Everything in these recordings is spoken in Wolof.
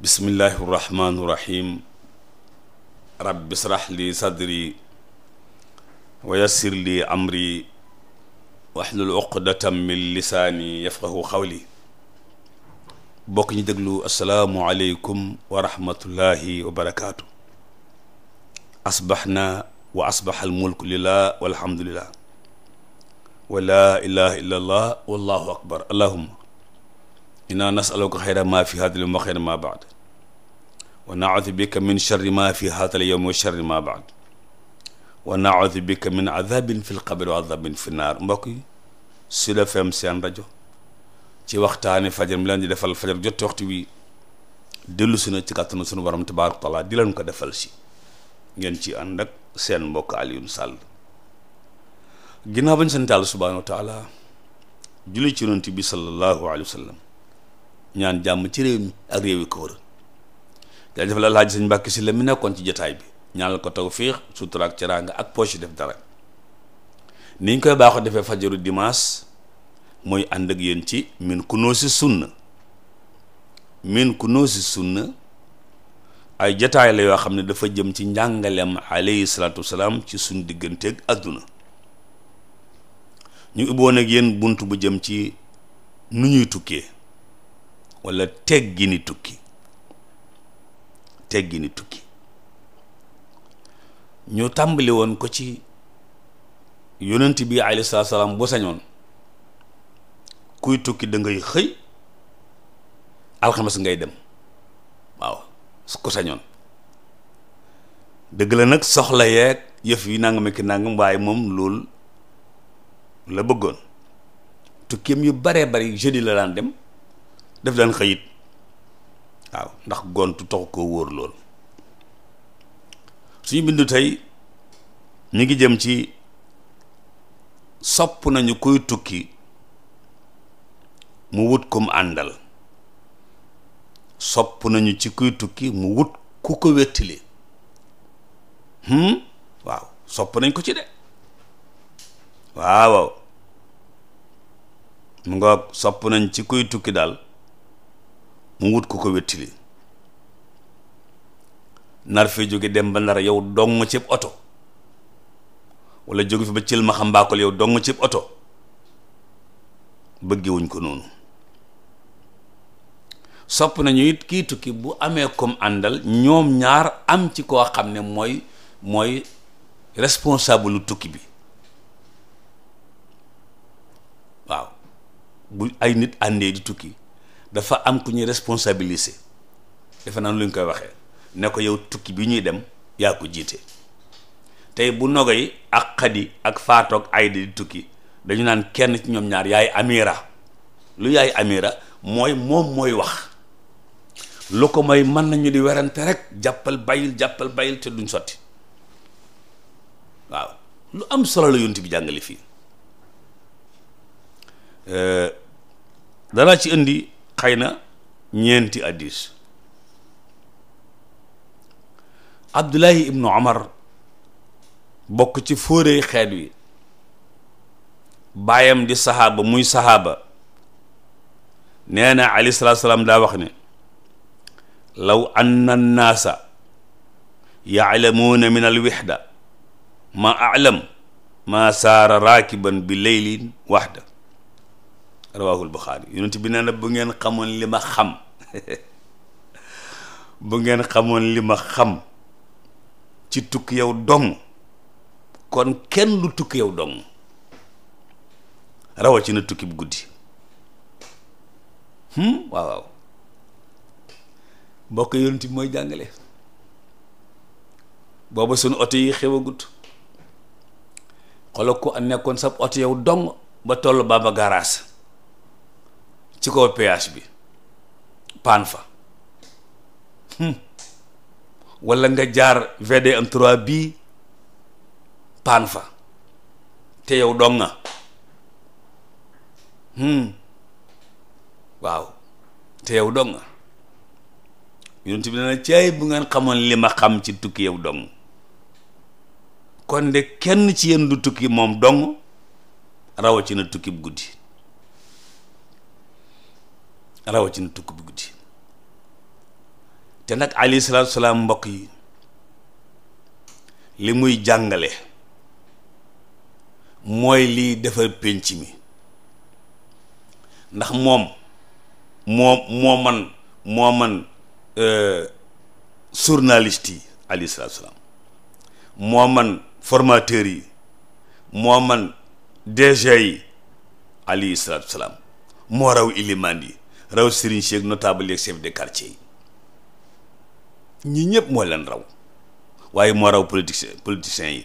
bismillahi irrahmani irrahim rabbi israh li sadri wa yassir li amri waxlul uqdatam min lisaani yafqahu xawli bokk ñu déglu asalaamualeykum wa rahmatullahi wa barakaatu asbaxna wa asbax almulku lillah walhamdulillah wa la ilaha illa allah wallahu akbar allahuma inna nasaluka xayra ma fi haadal yowm wa xayra ma baad wa naudu bika min charri ma fi haadal yowm wa ma baad wa naudu bika min adabin fi lqabri wa adabin fi naar mbokk yi Sud seen rajo ci waxtaani fajar mi leen di defal fajar jotti waxtu wi dellu si na ci kàttanu sunu borom tabaaraka wa di leen ko defal si ngeen ci ànd seen mbokk Alioune ginnaaw bañ seen taal wa taala julli ci yonent bi sallallahu alayhi wa sallam ñaan jàmm ci réew mi ak réew yi ko wër jaajëf la laaj sëñ Mbàkke si la mi nekkoon ci jataay bi ñaanal ko tawfiix sutura ak teraanga ak poche def dara ni ñu koy baaxoo defee fajaru dimaas mooy ànd ak yéen ci min ku noo si sunna min ku noo si sunna ay jataay la yoo xam ne dafa jëm ci njàngaleem alayhi salaatu wasalaam ci suñ digganteeg àdduna ñu ubboon ak yéen bunt bu jëm ci nu ñuy tukkee wala teggi ni tukki teggi ni tukki ñu tàmbali woon ko ci yonent bi alayhi salaatu salaam bu sañoon kuy tukki dangay xëy alxames ngay dem waaw ku sañoon dëgg la nag soxla yeeg yëf yi nangam ak nangam waaye moom loolu la bëggoon tukkeem yu baree bari jeudi la daan dem daf daan xëyit waaw ndax gontu taxu koo wóor lool suñu bindu tey mu ngi jëm ci sopp nañu kuy tukki mu wut kum àndal sopp nañu ci kuy tukki mu wut ku ko wettili hmm? waaw sopp nañ ko ci de waaw waaw mu nga sopp nañ ci kuy tukki daal mu wut ku ko wettili nar fee jóge dem ba ndara yow dong cib oto wala jóge fi ba cël ma xam mbaakol yow dong cib oto bëggewuñ ko noonu sopp nañu it kii tukki bu amee comme àndal ñoom ñaar am ci koo xam ne mooy mooy responsable tukki bi waaw bu ay nit àndee di tukki dafa am ku ñuy responsabiliser defe naa lu ñu koy waxee ne ko yow tukki bi ñuy dem yaa ko jiite tey bu nogay ak xadi ak faatoog ay di tukki dañu naan kenn ci ñoom ñaar yaay amira lu yaay amira mooy moom mooy wax lu ko moy mën nañu di werante rek jàppal bayil jàppal bayil te duñ sotti waaw lu am solo la yonent bi jàngale fii euh, danaa ci indi xëy na ñeenti addis abdullahi ibnu omar bokk ci fóorey xeet wi baayam di saxaaba muy saxaaba nee na aleyhi salaatu daa wax ne law anna annaasa yaalamuuna min alwixda ma alam ma saara raakiban bi leylin waxda rawahul buxaari yonent bi nee na bu ngeen xamoon li ma xam bu ngeen xamoon li ma xam ci tukki yow dong kon kenn lu tukki yow dong rawatina tukki bu guddi hmm? waaw waaw jàngale booba suñu oto yi xew a gudd xolo ko nekkoon sab oto yow dong ba toll baaba garage ci kaw péage bi paan fa hmm. walla nga jaar VDM 3 bii paan fa te yow dong nga hmm. waaw te yow dong nga yonent bi dana caay bu ngeen xamoon li ma xam ci tukki yow dong kon de kenn ci yéen du tukki moom dong rawatina tukki bu guddi rawatina tukk bi guddi te nag alayhi salaam mbokk yi li muy jàngale mooy li defar pénc mi ndax moom moo moo man moo man euh, journaliste yi alayhi salaatu salaam moo man formateur yi moo man DG yi alayhi salaatu salaam moo raw ilimaan yi raw sëriñ si ak notable yeeg chef de quartier yi ñi ñëpp mooy leen raw waaye moo raw politicien politicien yi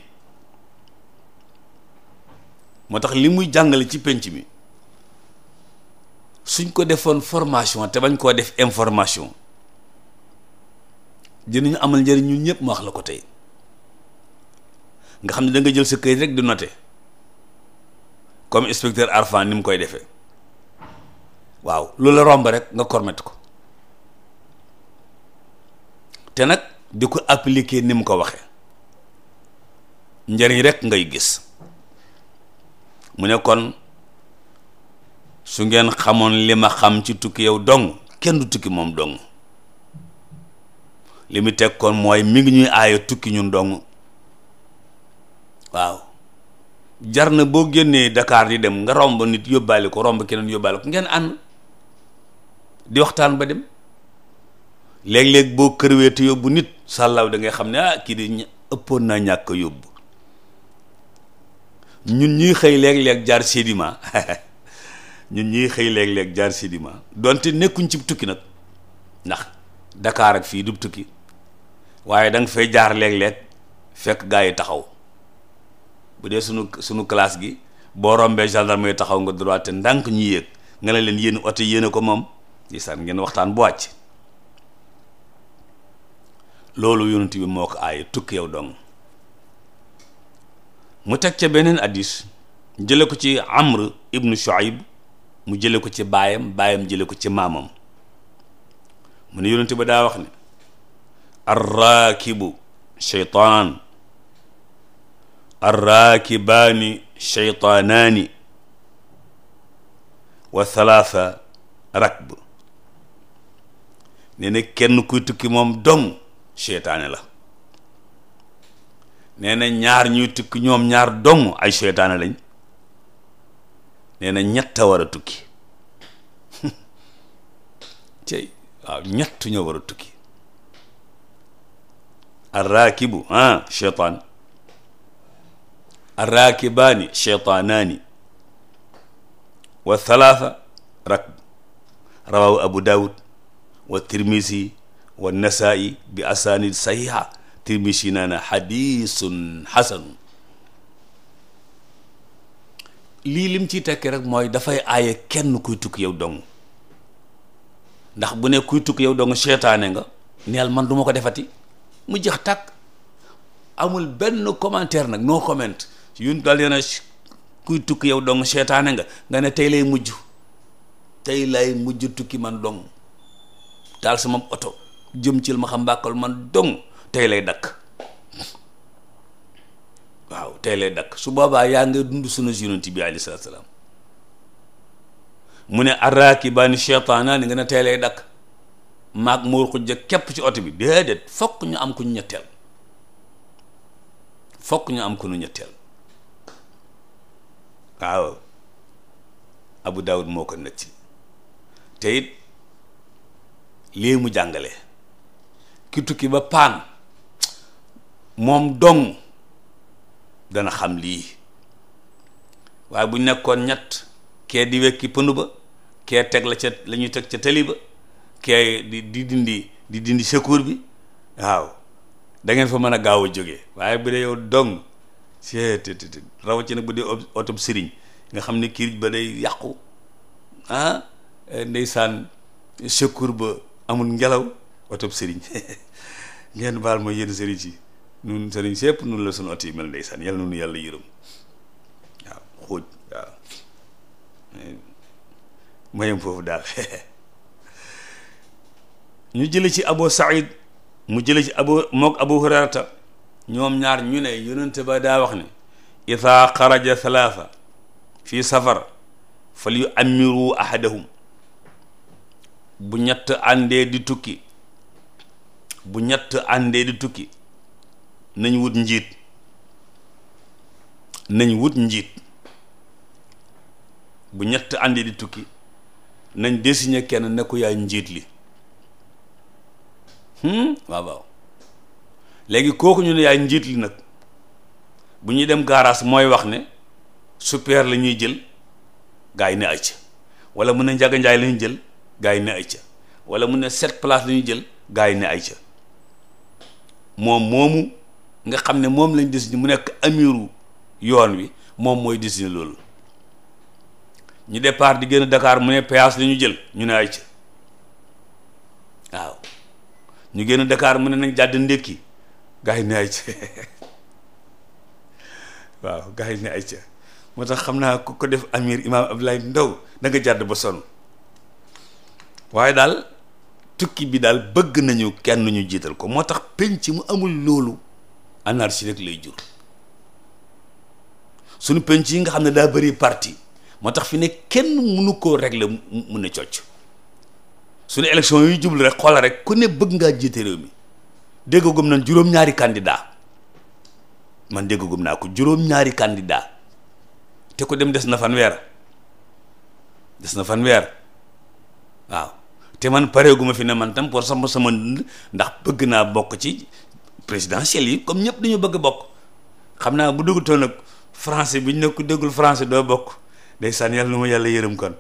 moo tax li muy jàngale ci pénc bi suñ ko defoon formation te bañ koo def information dinañu amal njëriñ ñu ñëpp ma wax la ko tey nga xam ne danga jël sa këyit rek di note comme inspecteur Arfan ni mu koy defee waaw lu la romb rek nga kormet ko te nag di ko appliquer ni mu ko waxee njëriñ rek ngay gis mu ne kon su ngeen xamoon li ma xam ci tukki yow dong kenn tukki moom dong li mu teg kon mooy mi ngi ñuy aaya tukki ñun dong waaw jar na boo génnee dakaar di dem nga romb nit yóbbaale ko romb keneen yóbbaale ko ngeen ànd di waxtaan ba dem léeg-léeg boo kërweete yóbbu nit sàllaaw da ngay xam ne ah kii di ëppoon naa ñàkk yóbbu ñun ñuy xëy léeg-léeg jaar sédiment ñun ñuy xëy léeg-léeg jaar sédiment donte nekkuñ ci tukki nag ndax Dakar ak fii du tukki waaye danga fay jaar léeg-léeg fekk gaa yi taxaw bu dee sunu sunu classe gi boo rombee gendarme yi taxaw nga droite ndànk ñu yéeg nga ne leen yéen oto yéen ko moom ndeysaan ngeen waxtaan bu wàcc loolu yonent bi moo ko aaye tukki yow dong mu teg ca beneen addis jële ko ci amr ibnu shuaib mu jële ko ci baayam baayam jële ko ci maamam mu ne yonent ba daa wax ne arraakibu cheytaan arraakibaani cheytaanaani wa thalatha rakb nee kenn kuy tukki moom dong seytaane la nee na ñaar ñuy tukki ñoom ñaar dong ay seytaane lañ nee na ñett war a tukki cey waaw ñett ñoo war a tukki arraakibu ah seytaan arraakibaani seytaanaani wa thalaatha rakb rawahu abu daawud wa tirmisi wa nasaa'i bi asanid sahiha tirmisi naa na xadisun xasanun lii lim ciy tekki rek mooy dafay aaye kenn kuy tukki yow dong ndax bu ne kuy tukki yow dong seetaane nga neel man du ko defati mu jeex tàkk amul benn commentaire nag no comment yun daal nee na yow dong seetaane nga nga ne tey lay mujj tey lay mujj tukki man dong taal sama oto jëm ci ma xam mbàkkal man doŋ tey lay dakk waaw tey lay dakk su boobaa yaa nga dund sunu yonent bi alayhi salaatu salaam mu ne arraakibaani sheytaanaani nga ne tey lay dakk maag muur ko jëkk képp ci oto bi déedéet fokk ñu am ku ñu ñetteel fokk ñu am ku ñetteel waaw Abu Daawud moo ko nekk ci te lii mu jàngale ki tukki ba paan moom doŋ dana xam lii waaye bu nekkoon ñett kee di wekki pënu ba kee teg la ca la ñuy teg ca tali ba kee di dindi di dindi secours bi waaw da fa mën a gaaw a jóge waaye bu dee yow dong si rawatina bu dee oto sëriñ nga xam ne kirij ba day yàqu ah ndeysaan secours ba amul ngelaw oto sëriñ ngeen baal mooy yéen sëriñ si nun sëriñ sépp nun la suñu oto yi mel ndeysaan yàlla nunu yàlla yërëm waaw xóoj waaw mayam foofu daal ñu jële ci Abu Saïd mu jële ci abu mook Abu Hurayrata ñoom ñaar ñu ne yonente daa wax ni ida xaraja thalatha fi safar fal yu amiru ahadahum bu ñett àndee di tukki bu ñett àndee di tukki nañ wut njiit nañ wut njiit bu ñett àndee di tukki nañ désigné kenn ne yaay njiit li hmm? waaw waaw léegi kooku ñu ne yaay njiit li nag bu ñuy dem gaaraas mooy wax ne super la ñuy jël gaa yi ne acc wala mën a njaga njaay jël gars yi ne ay ca wala mu ne sept places la ñu jël gars yi ne ay ca moom moomu nga xam ne moom lañ désigné mu nekk amiru yoon wi moom mooy désigné loolu ñu départ di génn dakaar mu ne péage la ñu jël ñu ne ay ca waaw ñu génn dakaar mu ne nañ jàdd ndékki gars yi ne ay ca waaw gars yi ne ay ca moo tax xam naa ku ko def amir imaam Abdoulaye Ndaw da nga jàdd ba sonn waaye daal tukki bi daal bëgg nañu kenn ñu jiital ko moo tax penc mu amul loolu anarchie rek lay jur sunu penc yi nga xam ne daa bëri parti moo tax fi ne kenn mënu rek régler mu ne cocc sunu élection yu jublu rek xoola rek ku ne bëgg ngaa jiite réew mi déggagum nañ juróom-ñaari candidat man déggagum naa ko juróom-ñaari candidat te ku dem des na fanweer des na fanweer waaw te man pareeguma fi ne man tam pour sama sama ndax bëgg naa bokk ci présidentielles yi comme ñëpp dañu bëgg bokk xam naa bu duggutoon nag français bi ñu ne ku déggul francais doo bokk day saan yàlla nu ma yàlla yërëm kon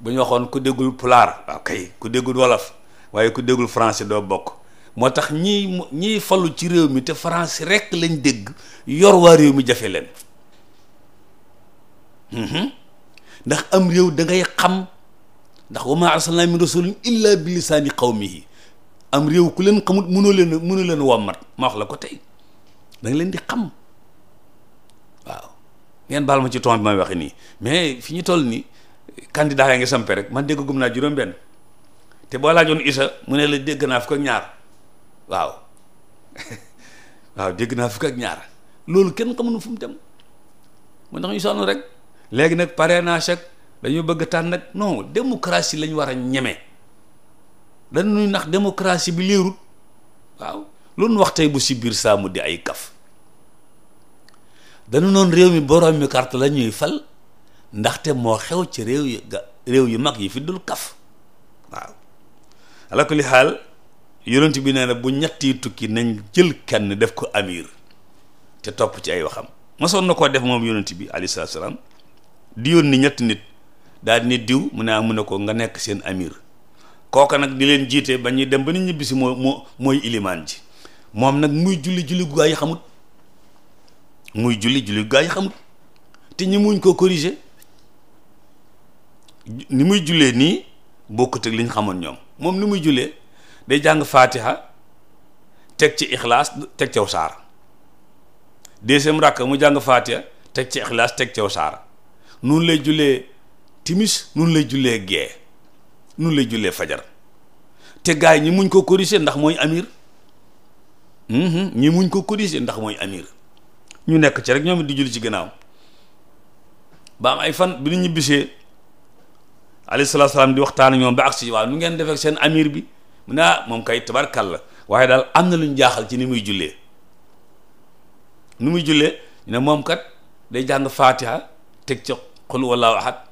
bu ñu waxoon ku déggul pulaar waaw kay ku déggul wolof waaye ku déggul français doo bokk moo tax ñiy ñiy falu ci réew mi te français rek lañ dégg yor waa réew mi jafe leen mhm. ndax am réew da xam ndax wa maa arsalnaa min rasulin illa bi lisaani qawmihi am réew ku leen xamut mënoo leen mënoo leen wommat ma wax la ko tey da leen di xam waaw ngeen baal ma ci ton bi may waxe nii mais fi ñu toll nii candidat yaa ngi sampe rek man dégg gum naa juróom-benn te boo laajoon Isa mu ne la dégg naa fukk ak ñaar waaw waaw dégg naa fukk ak ñaar loolu kenn xamuñu fu mu dem mu ndax ñu sonn rek léegi nag parrainage ak dañu bëgg tànn nag non démocratie lañu war a ñeme dañuy nax démocratie bi léerut waaw loolu wax tey bu si biir saa di ay kaf dañu noon réew mi borom mi carte la ñuy fal ndaxte moo xew ci réew yu ga réew yu mag yi fi dul kaf waaw ala kulli xaal yonent bi nee bu ñetti tukki nañ jël kenn def ko amir te topp ci ay waxam mosoon na koo def moom yonent bi alayhi salaam di yónni ñetti nit daal di ne diw mu ne ah mu ne ko nga nekk seen amir kooka nag di leen jiite ba ñuy dem ba ñu ñibbisi moo moo mooy ilimaan ji moom nag muy julli julli gaa yi xamut muy julli julli gaa yi xamut te ñi muñ ko corriger ni muy jullee nii boo ak li ñu xamoon ñoom moom ni muy jullee day jàng faatiha teg ci ixlaas teg caw saara deuxième rakk mu jàng faatiha teg ci ixlaas teg caw saara noonu lay jullee timis nun lay jullee gee nun lay jullee fajar te gaay ñi muñ ko corriger ndax mooy amir mhm, ñi muñ ko corriger ndax mooy amir ñu nekk ci rek ñoom di julli ci gannaaw ba am ay fan bi nu ñu bisee alayhi salaatu di waxtaan ñoom ba agsi waaw nu ngeen defek seen amir bi mu ne ah moom kay tabarkàlla waaye daal am na lu ñu jaaxal ci ni muy jullee nu muy jullee ñu ne moom kat day jàng faatiha teg ca xul wallaahu ahad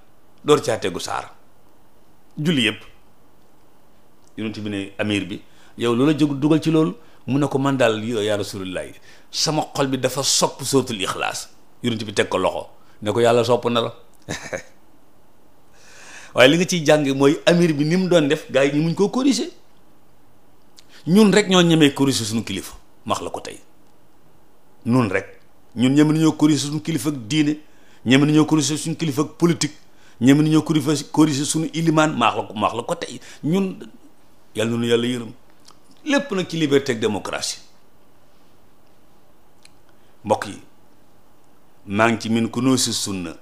door caa tegu saar julli yëpp yonent bi ne amir bi yow loola jóg dugal ci loolu mun na ko man daal yaa rasulullah sama xol bi dafa sopp sootul ixlaas yonent bi teg ko loxo ne ko yàlla sopp na la waaye li nga ciy jàng mooy amir bi ni mu doon def gars yi ñu muñ koo corriger ñun rek ñoo ñemee corriger suñu kilifa max la ko tey nun rek ñun ñeme nañoo corriger suñu diine ñeme nañoo corriger suñu kilifa ak politique ñem ni ñoo corriger corriger suñu ilimaan maax la ko maax la ko tey ñun yàlla na nu yàlla yërëm lépp nag ci liberté ak démocratie mbokk yi maa ngi ci min ku noo si sunna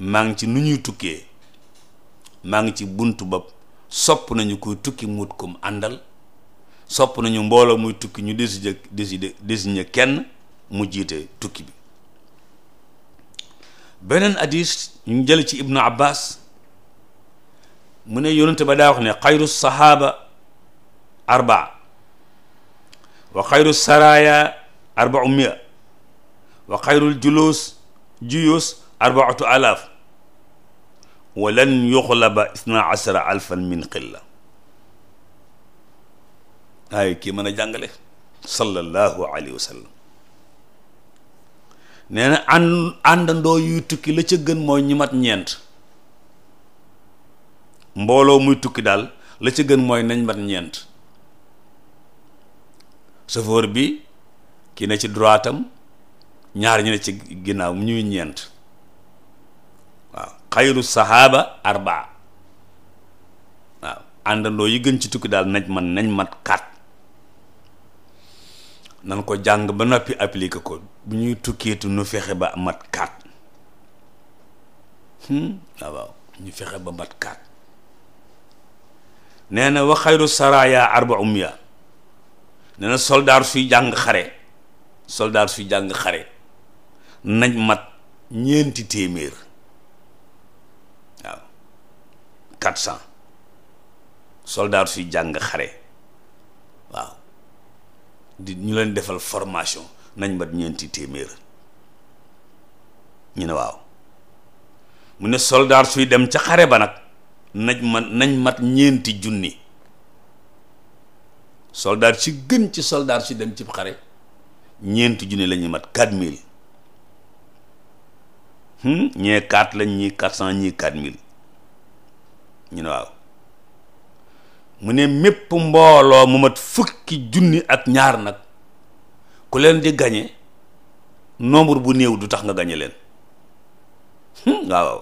maa ngi ci nu ñuy tukkee maa ngi ci buntu bopp sopp nañu koy tukki mut kum àndal sopp nañu mbooloo muy tukki ñu désigné désigné désigné kenn mu jiite tukki bi beneen hadis ñu jël ci ibnu abbas mu ne yonente ba daa wax ne xayru sahaaba arbaa wa xayru saraya arbau mia wa xayrul julus juyus arbaatu alaaf wa lan yuxlaba isna asara alfan min xilla ay kii mën a jàngale sallallahu alayhi wa sallam nee na ànd àndandoo yuy tukki la ca gën mooy ñi mat ñeent mbooloo muy tukki daal la ca gën mooy nañ mat ñeent chauffeur bi ki na ci droitam ñaar ñi ne ci ginnaaw ñuy ñeent waaw xayru sahaaba arbaa waaw àndandoo yi gën ci tukki daal nañ man nañ mat kat nan ko jàng ba noppi appliquer ko bu ñuy tukkeetu nu fexe ba mat kaat waaw hmm? ah, waaw ñu fexe ba mat kaat nee na wa xayru saraya arba umya nee soldaar suy jàng xare soldaar suy jàng xare nañ mat ñeenti téeméer waaw quatre cent soldaar suy jàng xare waaw di ñu leen defal formation nañ mat ñeenti téeméer ñu ne waaw mu ne soldaar suy dem ca xare ba nag nañ mat ñeenti junni soldaar si gën ci soldaar si dem ci xare ñeenti junni lañuy mat quatre mille hmm? ñee quatre lañ ñii quatre cent ñii quatre mille ñu ne waaw mu ne mépp mbooloo mu mat fukki junni ak ñaar nag ku leen di gañe nombre bu néew du tax nga gañe leen hmm, waaw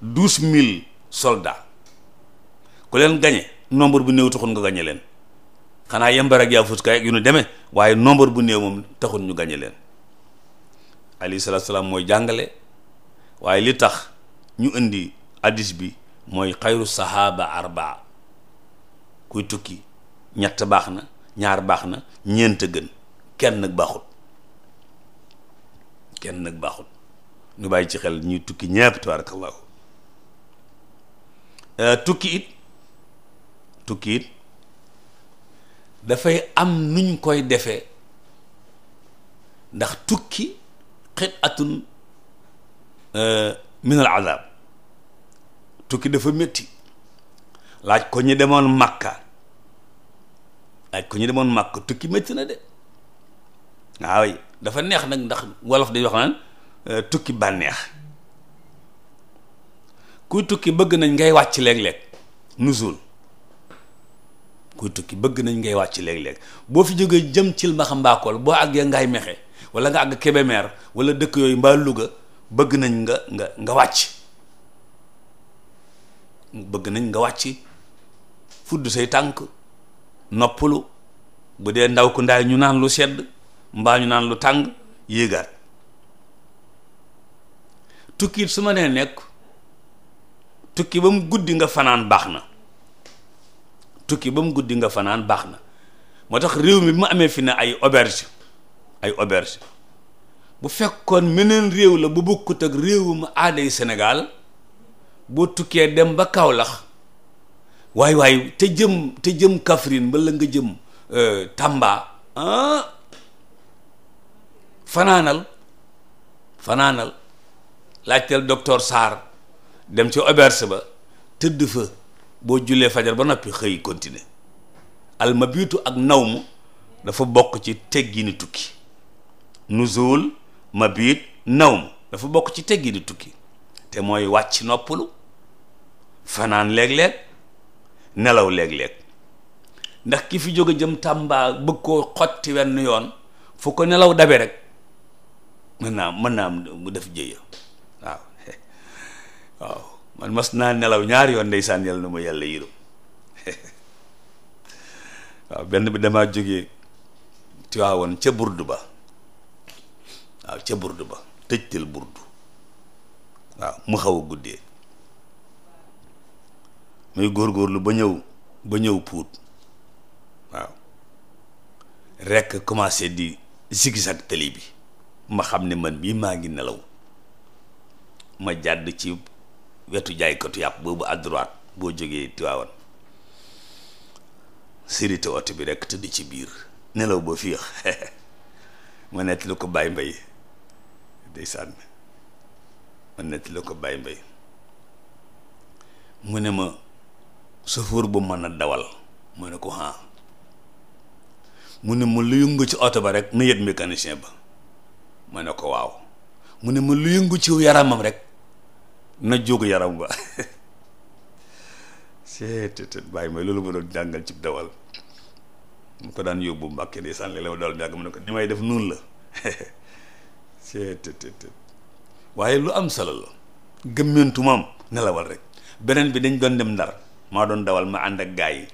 douze mille soldats ku leen gañe nombre bu néew taxul nga gañe leen xanaa yembar ak yaa fuskaay ak yu nu demee waaye nombre bu néew moom taxul ñu gañe leen alayhi salaam mooy jàngale waaye li tax ñu indi hadis bi mooy xayru sahaaba arbaa kuy tukki ñett baax na ñaar baax na ñeent a gën kenn nag baaxut kenn nag baaxut ñu bàyyi ci xel ñuy tukki ñépp tabarakallahu euh, tukki it dafay am nuñ koy defee ndax tukki xit atun euh, min al tukki dafa métti laaj ko ñu demoon makka laaj ko ñu demoon makka tukki métti na de waaw dafa neex nag ndax wolof di wax naan euh, tukki bànneex kuy tukki bëgg nañ ngay wàcc léeg-léeg nusul tukki bëgg nañ ngay wàcc léeg-léeg boo fi jógee jëm cil maxa mbaakool boo àggee ngay mexe wala nga àgg Kébémer wala dëkk yooyu mbaa Louga bëgg nañ nga nga nga wàcc bëgg nañ nga wàcc fudd say tànk noppalu bu dee ndaw ku ndaay ñu naan lu sedd mbaa ñu naan lu tàng yéegaat tukkiit su ma nee nekk tukki ba mu guddi nga fanaan baax na tukki ba mu guddi nga fanaan baax na moo tax réew mi bi mu amee fi na ay auberge ay auberge bu fekkoon meneen réew la bu bokkut ak ma aaday Sénégal boo tukkee dem ba Kaolack waay waay te jëm te jëm Kaffrine mbala nga jëm euh, Tamba ah fanaanal fanaanal laajteel docteur Sarr dem ci oberse ba tëdd fa boo jullee fajar ba noppi xëy continuer almabiitu ak naw mu dafa bokk ci teggini tukki nuzul mabiit naw mu dafa bokk ci teggini tukki te mooy wàcc noppalu fanaan léeg-léeg nelaw léeg-léeg ndax ki fi jóg a jëm Tàmba bëgg koo xotti wenn yoon fu ko nelaw dabe rek mën naa mën naa mu def jëya waaw man mas naa nelaw ñaari yoon ndeysaan yal na ma yàlla yërëm waaw benn bi damaa jógee Tiwaawoon ca burdu ba waaw ca burdu ba tëjtal burdu waaw mu xaw a guddee muy góorgóorlu ba ñëw ba ñëw puut waaw rekk commencé di zigzag tëli bi ma xam ne man bii maa ngi nelaw ma jàdd ci wetu jaaykatu yàpp boobu à boo jógee Tiwaawan sérité oto bi rekk tëdd ci biir nelaw ba fiix ma nett lu ko bàyyi mbay ndeysaan ma nett lu ko bàyyi mbay mu ne ma chauffeur bu mën a dawal mu ne ko ah mu ne mu lu yëngu ci oto ba rek na yët mécanicien ba ma ne ko waaw mu ne ma lu yëngu ci yaramam rek na jóg yaram ba seetet bàyyi ma loolu ma jàngal ci dawal mu ko daan yóbbu mbàkke di sànni la ma doon jàng ko ni def noonu la seetet waaye lu am solo la gëmmentu moom nelawal rek beneen bi dañ doon dem ndar maa doon dawal ma ànd ak gaa yi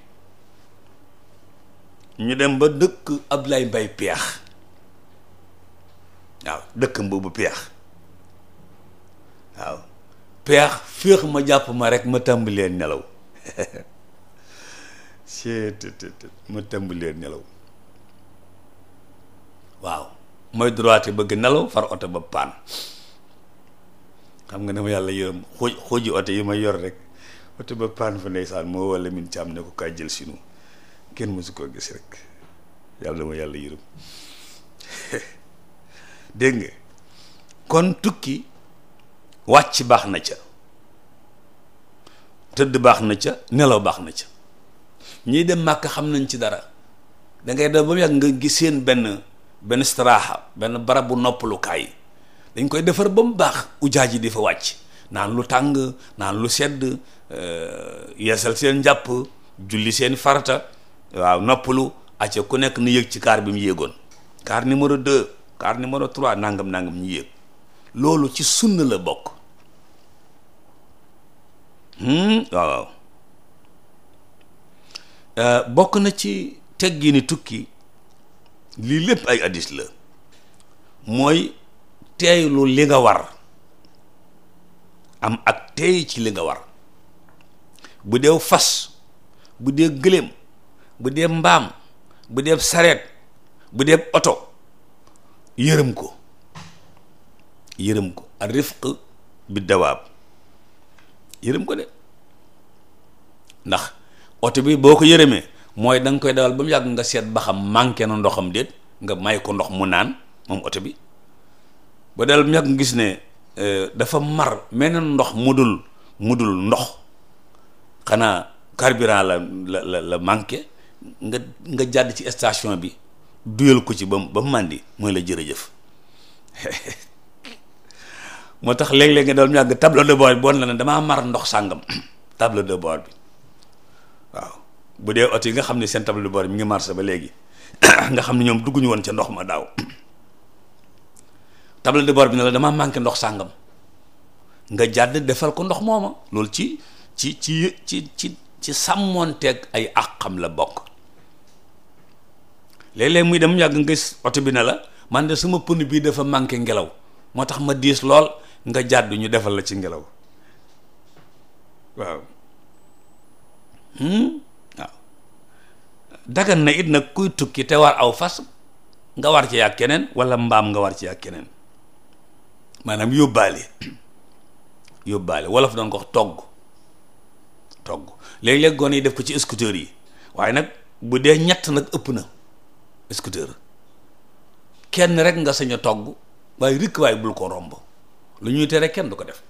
ñu dem ba dëkk Ablaye Mbay Peex waaw dëkk boobu Peex waaw Peex féex ma jàpp ma rek ma tàmbalee nelaw seet ma tàmbalee nelaw waaw mooy droite bëgg nelaw far oto ba paan xam nga ne yàlla yërëm xuuj xuuji oto yi ma yor rek oto ba paan fa ndeysaan moo wala min ci am ne ko kaay jël sinu kenn mësu koo gis rek yàlla ma yàlla yërëm dégg nga kon tukki wàcc baax na ca tëdd baax na ca nelaw baax na ca ñii dem màkk xam nañ ci dara dangay ngay dem ba mu yàgg nga gis seen benn benn straaxa benn barab bu noppalukaay dañ koy defar ba mu baax ujaaj yi di fa wàcc naan lu tàng naan lu sedd Euh, yeesal seen njàpp julli seen farata waaw noppalu acca ku nekk nu yëg ci kaar bi mu yéegoon kaar numéro deux kaar numéro trois nangam nangam ñu yéeg loolu ci sunna la bokk hmm? euh, bokk na ci teggi ni tukki lii lépp ay addis la mooy teeylu li nga war am ak teey ci li nga war bu dee fas bu dee gëléem bu dee mbaam bu dee sareet bu dee oto yërëm ko yërëm ko ar rifq bi dawaab yërëm ko de ndax oto bi boo ko yërëmee mooy danga koy dawal ba mu yàgg nga seet ba xam manqué na ndoxam déet nga may ko ndox mu naan moom oto bi ba dawal ba mu yàgg nga gis ne euh, dafa mar meneen ndox mu dul mu dul ndox xanaa carburant la la la la manqué nga nga jàdd ci station bi duyal ko ci ba ba màndi mooy la jërëjëf moo tax léeg-léeg nga doon ñàgg tableau de bord bi la ne mar ndox sàngam tableau de bord bi waaw bu dee oto yi nga xam ne seen tableau de bord mi ngi marché ba léegi nga xam ne ñoom dugguñu woon ca ndox ma daaw tableau de bord bi ne la damaa manqué ndox sàngam nga jàdd defal ko ndox mooma loolu ci ci ci ci ci ci sàmmoonteeg ay àqam la bokk léeg muy dem yàgg nga oto bi na la man de sama pneu bii dafa manqué ngelaw moo tax ma diis lool nga jàddu ñu defal la ci ngelaw waaw hmm? waaw dagan na it nag kuy tukki te war aw fas nga war ci yàgg keneen wala mbaam nga war ci yàgg keneen maanaam yóbbaale yóbbaale wolof doon ko togg togg léeg-léeg gone yi def ko ci scooter yi waaye nag bu dee ñett nag ëpp na scooter kenn rek nga sañ a togg waaye rikk waaye bul ko romb lu ñuy tere kenn du ko def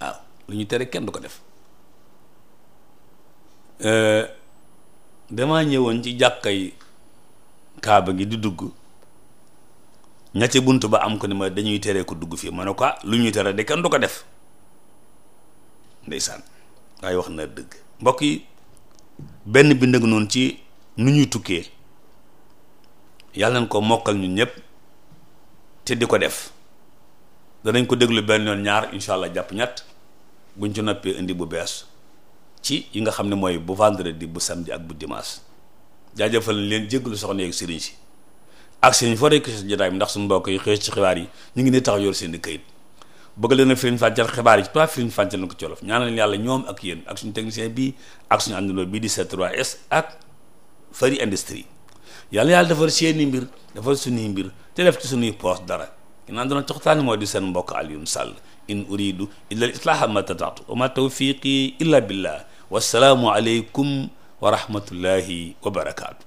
waaw lu ñuy tere kenn du ko def euh, damaa ñëwoon ci yi kaaba gi di dugg ña ci bunt ba am ko ne ma dañuy tere ko dugg fii ma ne ko ah, lu ñuy tere de kenn du ko def ndeysaan waaye wax na dëgg mbokk yi benn bind ak noonu ci nu ñuy tukkee yàlla nañ ko mokkal ñun ñëpp te di ko def danañ ko déglu benn yoon ñaar incha allah jàpp ñett buñ ci noppee indi bu bees ci yi nga xam ne mooy bu vendredi bu samedi ak bu dimanche jaajëfal leen jéggalu soxna yeeg sëriñ si ak seen foo rekk si jotaay bi ndax suñu mbokk yi xëy ci xibaar yi ñu ngi ne tax yor seen i këyit bëgg leen a firin fàncal xibaar yi ci pas firin fàncal na ko colof ñaanal leen yàlla ñoom ak yéen ak suñu technicien bii ak suñu àndandoo bii di C3S ak Fari Industrie yàlla yàlla defar seeni mbir defar suñuy mbir te def ci suñuy poos dara ginaan doona coxtaani mooy di seen mbokk Alioune Sall in uridu illa al-islaaha ma tataatu wa ma tawfiqi illa billah wassalaamu aleykum wa rahmatullahi wa barakaatu